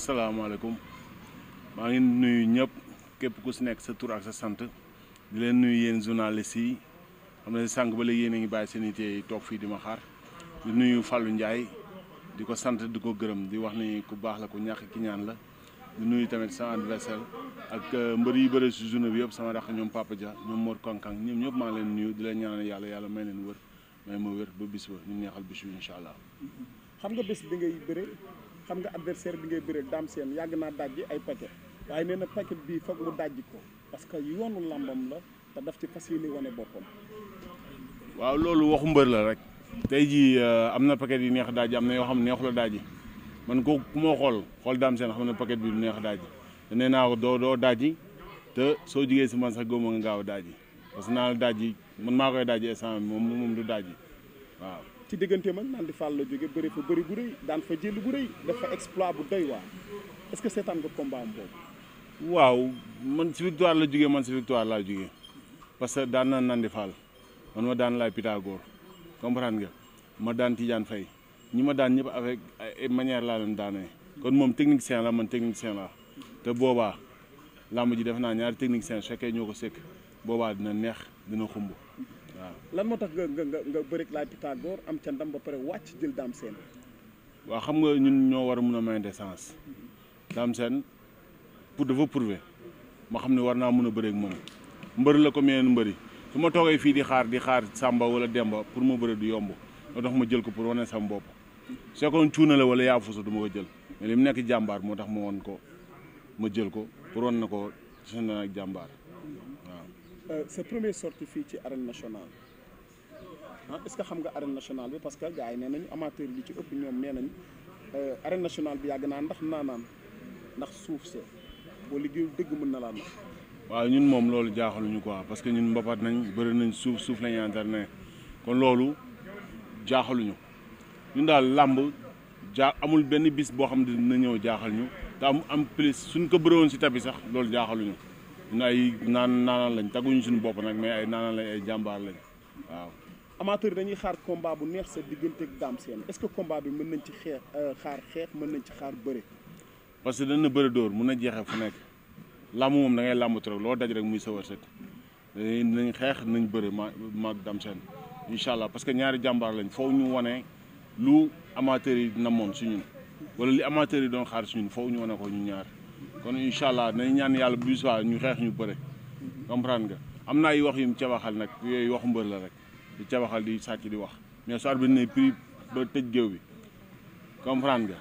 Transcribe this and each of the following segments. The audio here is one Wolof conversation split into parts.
asalaamaaleykum maa ngi nuyu ñëpp képp ku si nekk sa tur ak sa sant di leen nuyu yéen journaliste yi xam ne sànq ba léegi yéen a ngi bàyyi seen yitte yi toog fii di ma xaar di nuyu Fallou Ndiaye di ko sant di ko gërëm di wax ni ku baax la ku ñàkk ki ñaan la di nuyu tamit sama adversaire ak euh, mbër yi bëri si journée bi yëpp sama ñoom Papa Dia ñoom Mor Kankan ñëpp maa leen nuyu di leen ñaanal yàlla yàlla may leen wër may ma wër ba bis ba ñu neexal bis bi incha xam nga bés bi ngay bëre xam nga adversaire bi ngay bëreel Dame seen yàgg naa dajji ay paquet waaye nee na paquet bii foog mu dajji ko parce que yoonu làmbam la te daf ci fas yéene wane boppam. waaw loolu waxu mbër la rek. tey jii euh, am na paquet yu neex daaji am na yoo xam neexu la daaji man ko ku moo xool xool Dame Sène xam ne paquet bii du neex daaji te nee naa doo doo daaji te soo jugee si man sax góob nga gaaw daaji parce que naa la daaji man maa koy daaji instant moom moom du daaji waaw. ci diggante mag naan di Fall la jóge bëri fa bëri bu rëy daan fa jël bu rëy dafa exploit bu doy waar est-ce seetaan nga combat am boobu. waaw man si victoire la jóge man si victoire laa jóge parce que daan naa naan di Fall man ma daan laay Pythagore comprendre nga ma daan Tidiane Faye ñi ma daan ñëpp avec ay manière laa leen daanee kon moom technicien la man technicien la te boobaa làmb ji def naa ñaari technicien su fekkee ñoo ko sekk boobaa dina neex dina xumb. lan moo tax nga nga nga nga bërik laay Pythagore am ca ndam ba pare wàcc jël daam seen waaw xam nga ñun ñoo war a mun a mayante sens daam seen pour dafa prouver ma xam ne war naa mun a bëreek moom mbër la ko meen mbëri su ma toogee fii di xaar di xaar Samba wala Demba pour ma bëre du yomb loo tax ma jël ko pour wane sama bopp su fekkoon cuuna la wala yaa fusa du ma ko jël mais li mu nekk jàmbaar moo tax ma won ko ma jël ko pour wan na ko seen ak jàmbaar sa euh, première sortie fii ci arène nationale ah est-ce que xam nga arène nationale bi parce que gars yi nee nañu amateur yi ci ëpp ñoom nañu euh, arène nationale bi yàgg naa ndax naanaan ndax suuf sa boo liggéeyul dëgg mën na laa nax waaw ñun moom loolu jaaxaluñu quoi parce que ñun mbapat nañ bëri nañ suuf suuf lañu entraîné kon loolu jaaxaluñu ñun daal làmb jaa amul benn bis boo xam ne dina ñëw jaaxal ñu te am am plus suñ ko bëriwoon si tapi sax loolu jaaxaluñu ñun naan naanaan lañ tagguñu suñu bopp nag mais ay naanaan lañ ay jàmbaar lañ waaw. amateur dañuy xaar combat bu neex sa diggante ak Dame Sène est-ce que combat bi mën nañ ci xeex euh, xaar xeex mën nañ ci xaar bëre. parce que dana bëre dóor mun na jeexee fu nekk làmb moom da ngay làmb trop loo daj muy sa wërsëg nañ xeex nañ bëre ma maag Dame Sène incha allah parce que ñaari jàmbaar lañ foofu ñu wane lu amateur yi namoon si ñun wala li amateur yi doon xaar si ñun foofu ñu wane ko ñu ñaar. kon incha allah nañ ñaan yàlla bu soit ñu xeex ñu bëre comprendre nga am naa yu wax yu mu ca waxal nag yooyu wax mbër la rek di ca waxal di sàcc di wax mais soir bi ne prix ba tëj géew bi comprendre nga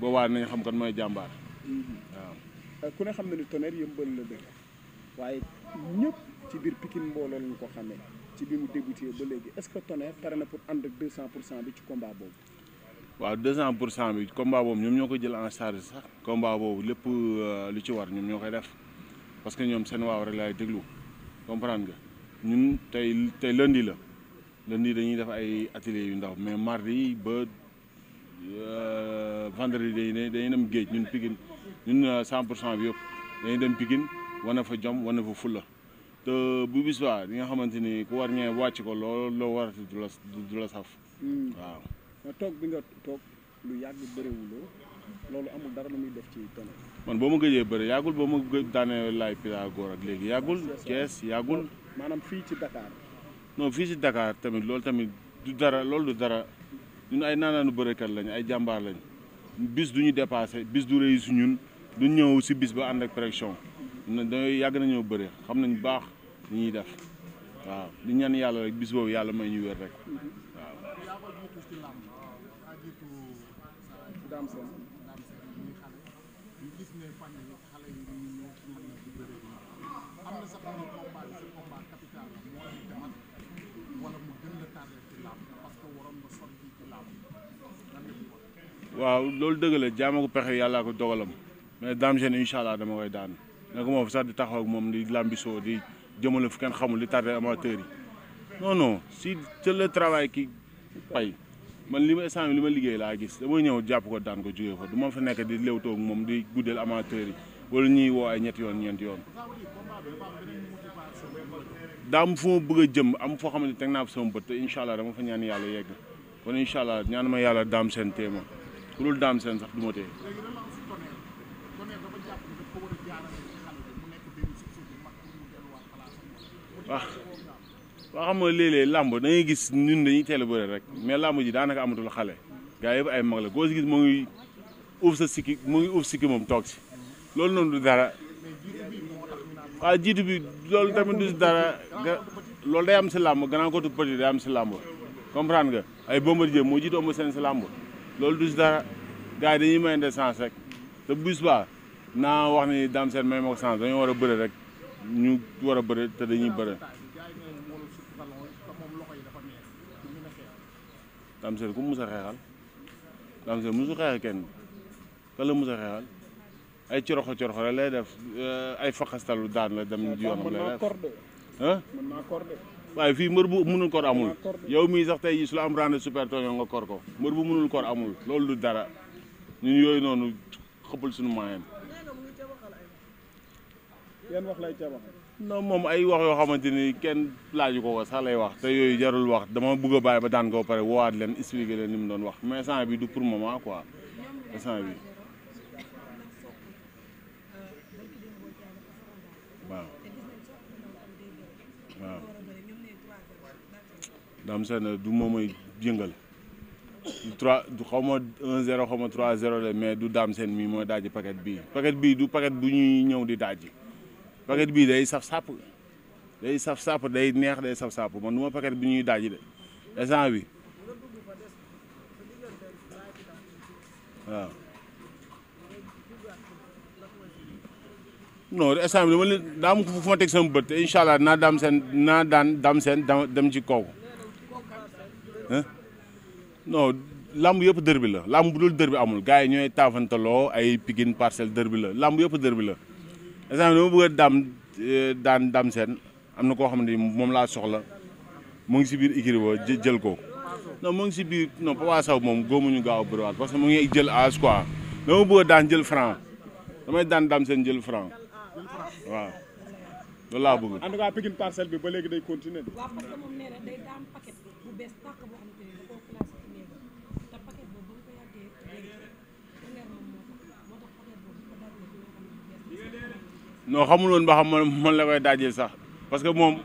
boobaa nañ xam kan mooy jàmbaar waaw ku ne xam na ni Tonnerre yëmbal la dëkk waaye ñëpp ci biir Pikine mbooloo lañ ko xamee ci bi mu débuté ba léegi est-ce que Tonnerre pare na pour ànd ak cent pour cent bi ci combat boobu waaw 200 pour cent bi combat boobu ñoom ñoo ko jël en charge sax combat boobu lépp euh, lu ci war ñoom ñoo koy def parce que ñoom seen waaw rek laay déglu comprendre nga ñun tey tey lundi la lundi dañuy def ay atelier yu ndaw mais mardi ba euh, vendredi dañuy dañuy dem géej ñun Pikine ñun 100 euh, pour cent bi yëpp dañuy dem Pikine wane fa jom wane fa fulla te bu bis ba li nga xamante ni ku war ñee wàcc ko loolu loo war du la du la saf hmm. waaw nga toog bi nga toog lu yàgg bëriwuloo loolu amul dara lu muy def ci tonne. man boo ma gëjee bëri yàggul boo ma gëj daanee laay Pythagore ak léegi yàggul. kees yàggul. maanaam fii ci Dakar. non fii ci Dakar tamit loolu tamit du dara loolu du dara ñun ay naanaanu bërëkat lañ ay jàmbaar lañ bis du ñu dépassé bis du rëy si ñun du ñëw si bis ba ànd ak pression na dañoo yàgg nañoo bëri xam nañ baax li ñuy def waaw di ñaan yàlla rek bis boobu yàlla may ñu daam seen muy waaw loolu dëgg jaama ko pexe yàllaa ko dogalam mais daam seen dama koy daan naka moom sax di taxaw ak moom di lambisoo di jëmale fu kenn xamul di tardé amateur yi non non si c'est le travail qui paye man li ma instant li ma liggéey laa gis damay ñëw jàpp ko daan ko jógee ko du fa nekk di léewtoog moom di guddeel amateur yi wala ñuy woo ay ñetti yoon ñeenti yoon daam fu ma bëgg a jëm am foo xam ne teg naa fa sama bët te incha allah dama fa ñaan yàlla yegg kon incha ñaan ma yàlla daam seen téema ku dul daam seen sax du ma tee ah. waa xam nga léeg-léeg làmb da ngay gis ñun dañuy teel a bëre rek mais làmb ji daanaka amatul xale gars yëpp ay mag la koo si gis mu ngi uuf sa sikki mu ngi uuf sikki moom toog si loolu noonu du dara waaw jiitu bi loolu tamit du dara loolu day am si làmb gannaaw ko tu day am si làmb comprendre nga ay bombardier moo jiitu ëmb seen si làmb loolu du si dara gars yi dañuy de sance rek te bu subaa naa wax ni daam seen may ma ko sens dañoo war a bëre rek ñu war a bëre te dañuy bëre Dame Sène ku mu mus a xeexal Dame Sène musu xeex kenn ka la mus a xeexal ay coroxo coroxo la lay def eh, ay faxastalu daan la dem yoonam la ah waaye fii mbër bu mënul koor amul yow mii sax tey su la am rende super toño nga koor ko mbër bu mënul koor amul loolu du dara ñun yooyu noonu xëppal suñu moyen yan wax lay moom ay wax yoo xamante ni kenn laaju ko ko sax lay wax te yooyu jarul wax dama bëgg a bàyyi ba daan ko pare woowaat leen expliquer leen ni mu doon wax mais instant bi du pour moment quoi instant bi waaw waaw daam seen du moomay jëngal trois xaw ma un zéro xaw ma trois zéro la mais du daam seen mii mooy daaji paquet bii paquet bii du paquet bu ñuy ñëw di daaji paquet bii day saf sàpp day saf sàpp day neex day saf sàpp man du ma bi ñuy daaj de instant bi waaw non instant bi dama leen daa ma fu ma teg sama bët te incha naa daam seen naa daan daam seen dem ci kaw non làmb yëpp dër bi la lamb bu dul dër amul gars yi ñooy taafantaloo ay Pikine Parcelles dër bi la làmb yëpp dër bi la exemple dama bëgg a euh, daan daam seen am na koo xam ne moom laa soxla mu ngi si biir ikiri ba jël ko non mu ngi si biir non Papa Sow moom góomuñu gaaw a bëriwaat parce que mu ngi jël âge dama bëgg daan jël franc damay daan daam seen jël franc waaw loolu laa bëgg. bi ba léegi day continuer. noo xamul woon ba xam man man la koy daajee sax parce que moom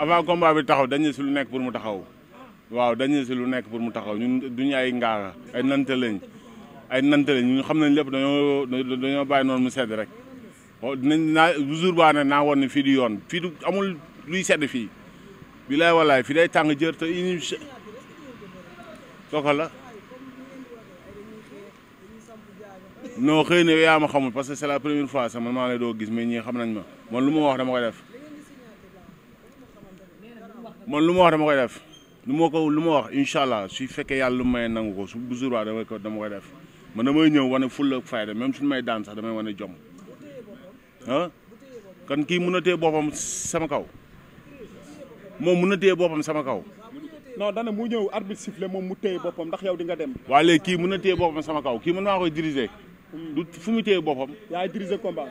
avant combat bi taxaw dañu si lu nekk pour mu taxaw waaw dañu si lu nekk pour mu taxaw ñun duñu ay ngaaga ay nante lañ ay nante lañ ñun xam nañ lépp dañoo dañoo bàyyi noonu mu sedd rek dinañ naa jour baa ne naa woon ne fii du yoon fii du amul luy sedd fii bi lay walaay fii day tàng jër te ini sooko la non xëy na yaa ma xamul parce que c'est la première fois sax man maa doo gis mais ñii xam nañ ma man lu ma wax dama koy def man lu ma wax dama koy def lu ma ko lu ma wax incha allah su fekkee yàlla lu may nangu ko su bu jour waa dama ko dama koy def man damay ñëw wane fulla ak fayda même suñu may daan damay wane jom ah kan kii mun na téye boppam sama kaw moom mun na téye boppam sama kaw. non dana mu ñëw arbitre sifflé moom mu téye boppam ndax yow di nga dem. waa léegi kii mun na téye boppam sama kaw kii mën naa koy diriger. du fu mu téye boppam. yaay diriger combat.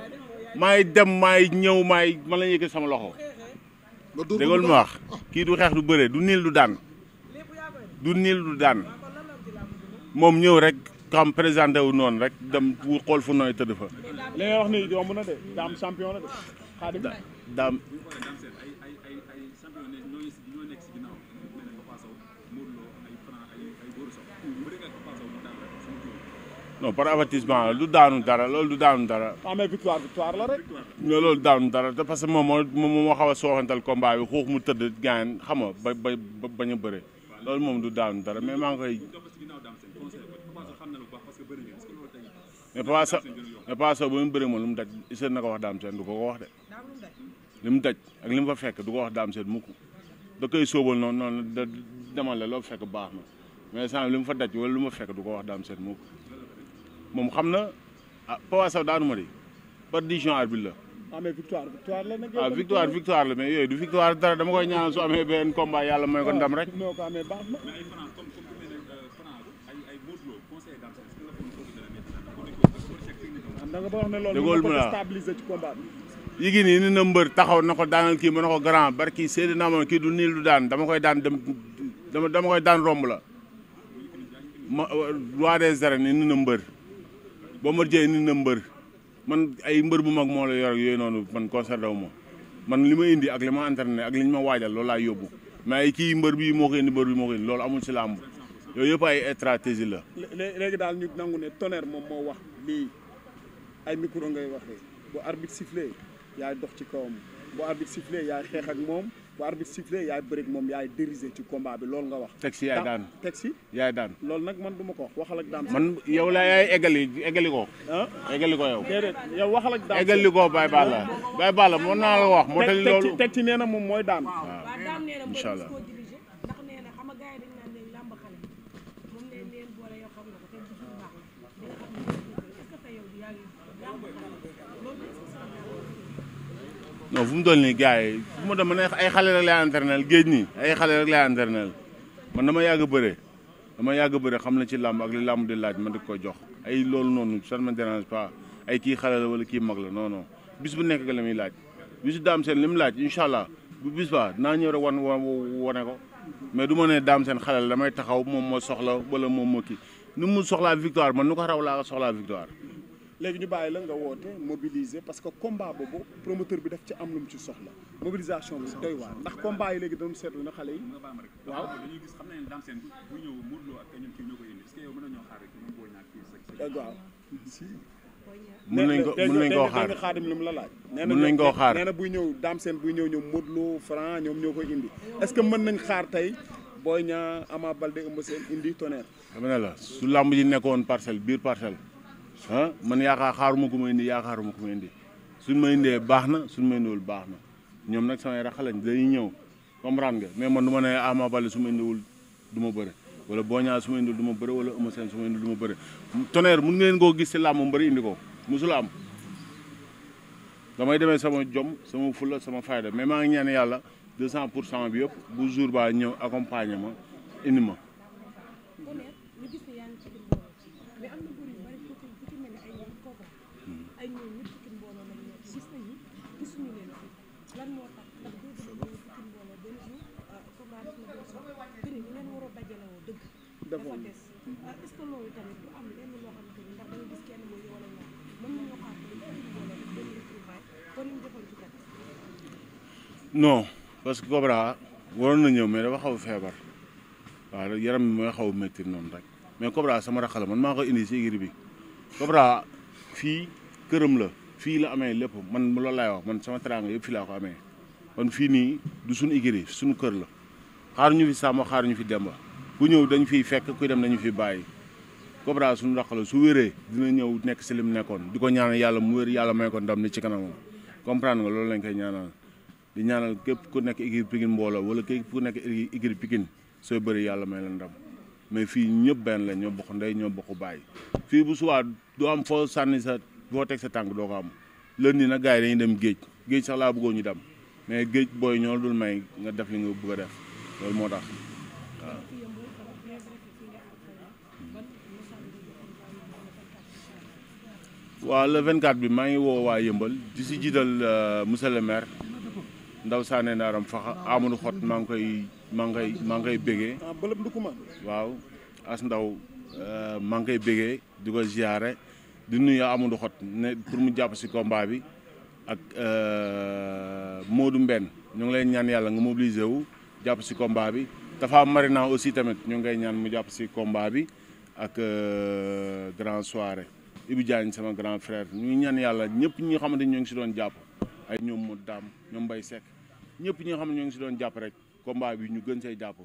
maay dem maay ñëw maay man la ñuy sama loxo. déggoon ma wax kii du xeex du bëre du niil du daan du niil du daan moom ñëw rek xam présenté wu noonu rek dem wu xool fu nooy tëdd fa. li wax nii yomb na de daam champion la de. daam. non par avertissement lu daanu dara loolu du daanu dara. ah mais victoire victoire dara te parce que moom moo moom moo xaw a sooxantal combat bi xuux mu tëdd gaañ xam nga ba ba bañ a bëre loolu moom du daanu dara mais maa ngi koy. mais Papa Sow mais Papa Sow ba mu bëree moom lu mu daj iseen na ko wax daam seen ko ko wax mu daj ak li mu fa fekk du wax daam seen mukk da koy sóobal noonu da demal la loo fekk baax na mais sànq li mu fa daj wala lu ma fekk du ko wax daam seen mukk moom xam na ah Papa Sow daanu ma de par décision arbitre la. ah, ah victoire victoire la mais yooyu du victoire dara dama koy ñaanal su amee benn combat yàlla may ko ah, ndam rek. waaw mais ay France euh, ah, yi nii na mbër taxaw na ko daanal kii mën na ko grand barki seede naa ma kii du niil du daan dama koy daan dem dama dama koy daan romb la ma waa euh, des arènes ni na mbër. boo ma jee indi na mbër man ay mbër bu mag moo la yor yooyu noonu man concerné wu man li ma indi ak li ma entraîné ak li ñu ma waajal loolu laa yóbbu mais ay kii mbër bii moo ko indi mbër bi moo ko indi loolu amul si làmb yooyu yëpp ay stratégie la. léegi daal ñu nangu ne tonnerre moom moo wax lii ay micro ngay waxee bu arbitre sifflé yaay dox ci kawam bu arbitre sifflé yaay xeex ak moom. bu arbitre sifflé yaay bëri moom yaay dériser ci combat bi loolu nga wax. teg si yaay daan teg si yaay daan. lool nag man du ma ko wax waxal ak daam. man yow la yaay eggali eggali ko. ah eggali ko yow. déedéet yow waxal ak daam eggali ko Baye Balla. Baye naa la wax moo tax loolu teg ci teg nee na moom mooy daan. waaw incha non fu mu toll nii gars yi fu ma dama ne ay xale rek lay entraîner géej nii ay xale rek lay entraîner man dama yàgg a bëre dama yàgg a bëre xam na ci làmb ak li làmb di laaj ma di ko jox ay loolu noonu ça ne me dérange ay kii xale la wala kii mag la non bis bu nekk la muy laaj bisu daam seen li mu laaj incha allah bu bis ba naa ñëw rek wane ko mais du ma ne daam seen xale la damay taxaw moom moo soxla wala moom moo kii ni mu soxlaa victoire man nu ko raw laa soxlaa victoire. léegi ñu bàyyi la nga woote mobiliser parce que combat boobu promoteur bi def ci am lu mu ci soxla mobilisation bi doy waar ndax combat yi léegi dañu seetlu na xale yi. waaw dañuy gis xam nañ ne Dame Sène bu ñëw Modou Lo ak ñoom kii ñoo waaw si. mën nañ ko mën nañ koo xaar xaadim li mu la laaj mën nañ koo xaar nee na buy ñëw Dame Sène buy ñëw ñoom Modou Lo Franc ñoom ñoo koy indi est-ce que mën nañ xaar tey Boy Niang Ama Baldé Eumeu Sène indi Tonnerre dama ne la su làmb yi nekkoon parcelle biir parcelle ah man yaakaar xaaruma ko ma indi yaakaaruma ko ma indi suñ ma indee baax na suñ ma indiwul baax na ñoom nag samay raxalañ dañuy ñëw comprendre nga mais man du ma ne Ama Baldé su ma indiwul du ma bëre wala Boña su ma indiwul du ma bëre wala Eumeu Sène su ma indiwul du ma bëre Tonnerre mun ngeen koo gis si làmb mu bëri indi ko musul am damay demee sama jom sama fulla sama fayda mais maa ngi ñaan yàlla 200 pour cent bi yëpp bu jour baa ñëw accompagner ma indi ma. ay ñoom ñëpp Pikine mbooloo lañ nekk ah, ah, non parce Cobra waroon na ñëw mais dafa xaw feebar waaw yaram mooy xaw metti noonu rek mais Cobra sama raxala man maa ko indi si igri bi Cobra fii këram la fii la amee lépp man loolu laay wax man sama teraanga yëpp fii laa ko amee kon fii nii du suñu igiri suñu kër la xaar ñu fi sàmm xaar ñu fi dem ba ku ñëw dañ fiy fekk kuy dem dañu fi bàyyi Cobra suñu rakk la su wéree dina ñëw nekk si lim nekkoon di ko ñaan yàlla mu wér yàlla may ko ndam ni ci kanamam comprendre nga loolu lañ koy ñaanal di ñaanal képp ku nekk igiri Pikine mbooloo wala képp ku nekk igiri Pikine sooy bëri yàlla may la ndam mais fii ñëpp benn la ñoo bokk ndey ñoo bokk bàyyi boo teg sa tànk doo ko am lënd nag gars yi dañuy dem géej géej sax laa bëggoon ñu dem mais géej booy ñoo dul may nga def li nga bugg a def loolu moo tax waaw. waaw le bi maa ngi woo waa Yëmbal di si jiital euh, monsieur le maire Ndaw Sané Ndaram faxa Amadou Xot maa ngi koy maa ngi koy maa ngi koy ah, waaw as ndaw euh, maa ngi koy bégee di ko ziare. di nuyu Amadou Xot ne pour mu jàpp si combat bi ak euh, Modou mbenn ñoo ngi lay ñaan yàlla nga mobiliser wu jàpp si combat bi Tafa Marina aussi tamit ñu ngay ñaan mu jàpp si combat bi ak euh, grand soirée Ibi Diagne sama grand frère ñu ñaan yàlla ñëpp ñi nga xamante ñu ngi si doon jàpp ay ñoom mu daam ñoom Mbaye Seck ñëpp ñi nga xam ne ñu ngi si doon jàpp rek combat bi ñu gën say jàpp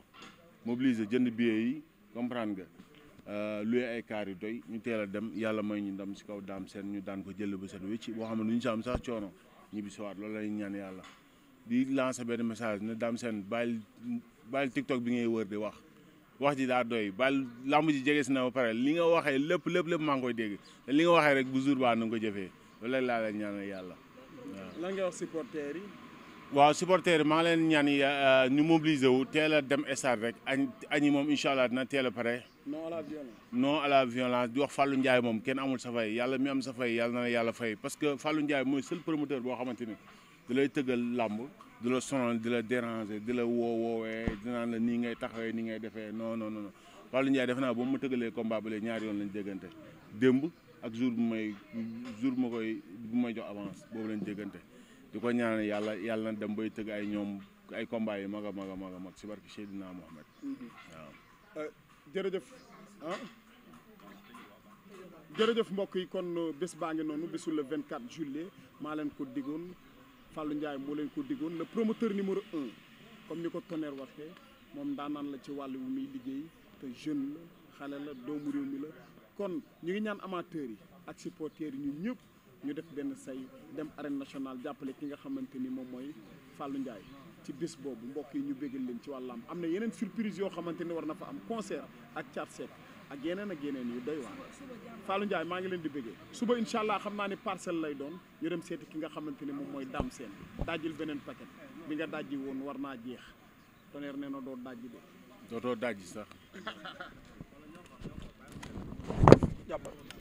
mobiliser jënd billet yi comprendre nga Euh, luy ay kaar yu doy ñu teel a dem yàlla may ñu ndam si kaw daam seen ñu daan ko jël ba set wécc boo xam ne du ñu si am sax coono ñibbi si waat loolu la ñaan yàlla di lancer benn message ne daam seen bàyyil bàyyil TikTok bi ngay wër di wax wax ji daa doy bàyyil làmb ji jege si na ba pare li nga waxee lépp lépp lépp maa ngi koy dégg te li nga waxee rek bu jour baa na nga ko jëfee loolu la laa la ñaanal yàlla waaw. nga wax supporters yi. waaw supporters yi maa ngi leen ñaan euh, euh, ñu mobiliser wu teel a dem stade rek añ añi moom incha allah dina teel a pare. non à la violence. la violence di wax Fallou Ndiaye moom kenn amul sa fay yàlla mi am sa fay yàlla na yàlla fay parce que Fallou Ndiaye mooy seul promoteur boo xamante ni da lay tëggal làmb di la sonal di la déranger di la woo woowee dinaan la nii ngay taxawee ni ngay defee non non non Fallou Ndiaye naa ba mu tëggalee combat ba léegi ñaari yoon lañ déggante démb ak jour bu jour bu koy bu jox avance boobu lañ déggante. di ko ñaanal yàlla yàlla na dem bay tëgg ay ñoom ay combat yu mag a mag a mag a mag si barki Seydina Mohamed waaw mm-hmm. euh, jërëjëf ah mbokk yi kon euh, bés baa ngi noonu bésu vingt 24 juillet maa leen ko diggoon Fallou Ndiaye moo leen ko diggoon le promoteur numéro un comme ni ko Tonnerre waxee moom daanaan la ci wàll wu muy liggéey te jeune la xale la doomu réew mi la kon ñu ngi ñaan amateur yi ak supporters yi ñun ñëpp ñu def benn say dem arène nationale jàppale ki nga xamante ni moom mooy Fallou Ndiaye ci bés boobu mbokk yi ñu bégal leen ci wàllam am na yeneen surprise yoo xamante ni war na fa am concert ak Thiat Seck ak yeneen ak yeneen yu doy waar Fallou Ndiaye maa ngi leen di bëggee suba incha allah xam naa ni parcelle lay doon ñu dem seeti ki nga xamante ni moom mooy Dame Sène dajjil beneen paquet bi nga dajji woon war naa jeex Tonnerre nee na doo dajji de. dootoo dajji sax. jàppal.